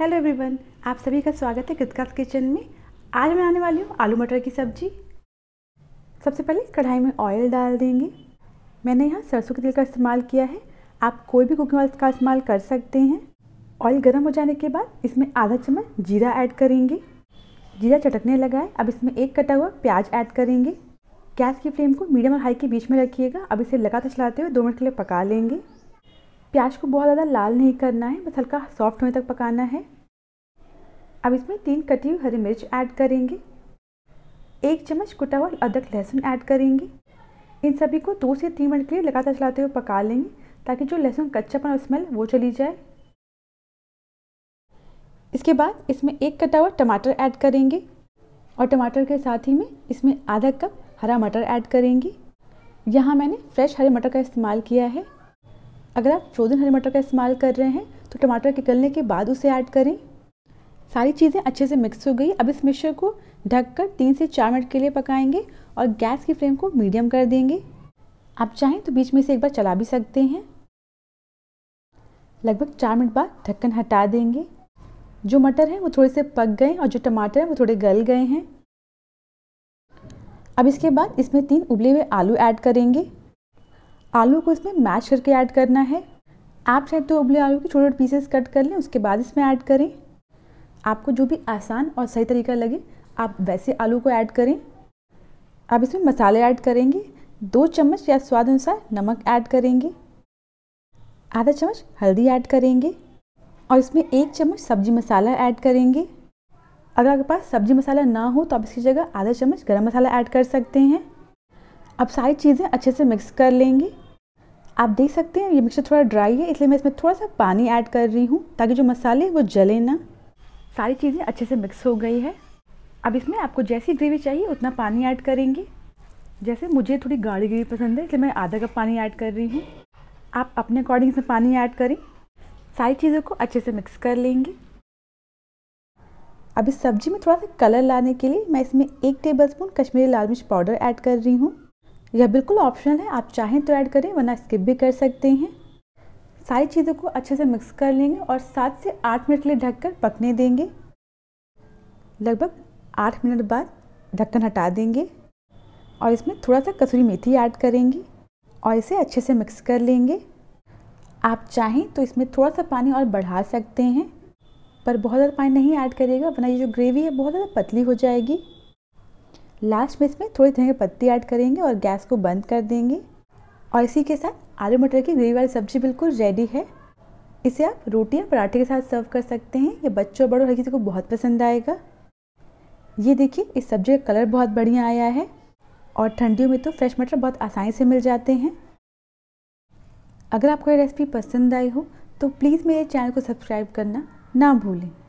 hello everyone आप सभी का स्वागत है कृतकास किचन में आज मैं आने वाली हूँ आलू मटर की सब्जी सबसे पहले कढ़ाई में ऑयल डाल देंगे मैंने यहाँ सरसों के तेल का इस्तेमाल किया है आप कोई भी कुकिंग ऑयल का इस्तेमाल कर सकते हैं ऑयल गर्म हो जाने के बाद इसमें आधा चम्मच जीरा ऐड करेंगे जीरा चटकने लगा है अब इसमें एक कटा हुआ प्याज ऐड करेंगे गैस की फ्लेम को मीडियम और हाई के बीच में रखिएगा अब इसे लगातार चलाते हुए दो मिनट के लिए पका लेंगे प्याज को बहुत ज़्यादा लाल नहीं करना है बस हल्का सॉफ्ट होने तक पकाना है अब इसमें तीन कटी हुई हरी मिर्च ऐड करेंगे एक चम्मच कुटा हुआ अदरक लहसुन ऐड करेंगे इन सभी को दो से तीन मिनट के लिए लगातार चलाते हुए पका लेंगे ताकि जो लहसुन कच्चापन और स्मेल वो चली जाए इसके बाद इसमें एक कटा हुआ टमाटर ऐड करेंगे और टमाटर के साथ ही में इसमें आधा कप हरा मटर ऐड करेंगे यहाँ मैंने फ्रेश हरे मटर का इस्तेमाल किया है अगर आप फ्रोज़न हरी मटर का इस्तेमाल कर रहे हैं तो टमाटर के गलने के बाद उसे ऐड करें सारी चीज़ें अच्छे से मिक्स हो गई अब इस मिक्सचर को ढककर तीन से चार मिनट के लिए पकाएंगे और गैस की फ्लेम को मीडियम कर देंगे आप चाहें तो बीच में से एक बार चला भी सकते हैं लगभग चार मिनट बाद ढक्कन हटा देंगे जो मटर हैं वो थोड़े से पक गए और जो टमाटर हैं वो थोड़े गल गए हैं अब इसके बाद इसमें तीन उबले हुए आलू ऐड करेंगे आलू को इसमें मैश करके ऐड करना है आप चाहे तो उबले आलू के छोटे छोटे पीसेस कट कर लें उसके बाद इसमें ऐड करें आपको जो भी आसान और सही तरीका लगे आप वैसे आलू को ऐड करें अब इसमें मसाले ऐड करेंगे दो चम्मच या स्वाद अनुसार नमक ऐड करेंगे आधा चम्मच हल्दी ऐड करेंगे और इसमें एक चम्मच सब्जी मसाला ऐड करेंगे अगर आपके पास सब्जी मसाला ना हो तो आप इसकी जगह आधा चम्मच गरम मसाला ऐड कर सकते हैं अब सारी चीज़ें अच्छे से मिक्स कर लेंगे आप देख सकते हैं ये मिक्सचर थोड़ा ड्राई है इसलिए मैं इसमें थोड़ा सा पानी ऐड कर रही हूँ ताकि जो मसाले वो जले ना सारी चीज़ें अच्छे से मिक्स हो गई है अब इसमें आपको जैसी ग्रेवी चाहिए उतना पानी ऐड करेंगे जैसे मुझे थोड़ी गाढ़ी ग्रेवी पसंद है इसलिए मैं आधा कप पानी ऐड कर रही हूँ आप अपने अकॉर्डिंग इसमें पानी ऐड करें सारी चीज़ों को अच्छे से मिक्स कर लेंगे अब इस सब्जी में थोड़ा सा कलर लाने के लिए मैं इसमें एक स्पून कश्मीरी लाल मिर्च पाउडर ऐड कर रही हूँ यह बिल्कुल ऑप्शनल है आप चाहें तो ऐड करें वरना स्किप भी कर सकते हैं सारी चीज़ों को अच्छे से मिक्स कर लेंगे और सात से आठ मिनट के लिए ढककर पकने देंगे लगभग आठ मिनट बाद ढक्कन हटा देंगे और इसमें थोड़ा सा कसूरी मेथी ऐड करेंगे और इसे अच्छे से मिक्स कर लेंगे आप चाहें तो इसमें थोड़ा सा पानी और बढ़ा सकते हैं पर बहुत ज़्यादा पानी नहीं ऐड करिएगा वरना ये जो ग्रेवी है बहुत ज़्यादा पतली हो जाएगी लास्ट में इसमें थोड़ी धनिया पत्ती ऐड करेंगे और गैस को बंद कर देंगे और इसी के साथ आलू मटर की ग्रेवी वाली सब्जी बिल्कुल रेडी है इसे आप रोटी या पराठे के साथ सर्व कर सकते हैं ये बच्चों बड़ों हर किसी को बहुत पसंद आएगा ये देखिए इस सब्जी का कलर बहुत बढ़िया आया है और ठंडियों में तो फ्रेश मटर बहुत आसानी से मिल जाते हैं अगर आपको ये रेसिपी पसंद आई हो तो प्लीज़ मेरे चैनल को सब्सक्राइब करना ना भूलें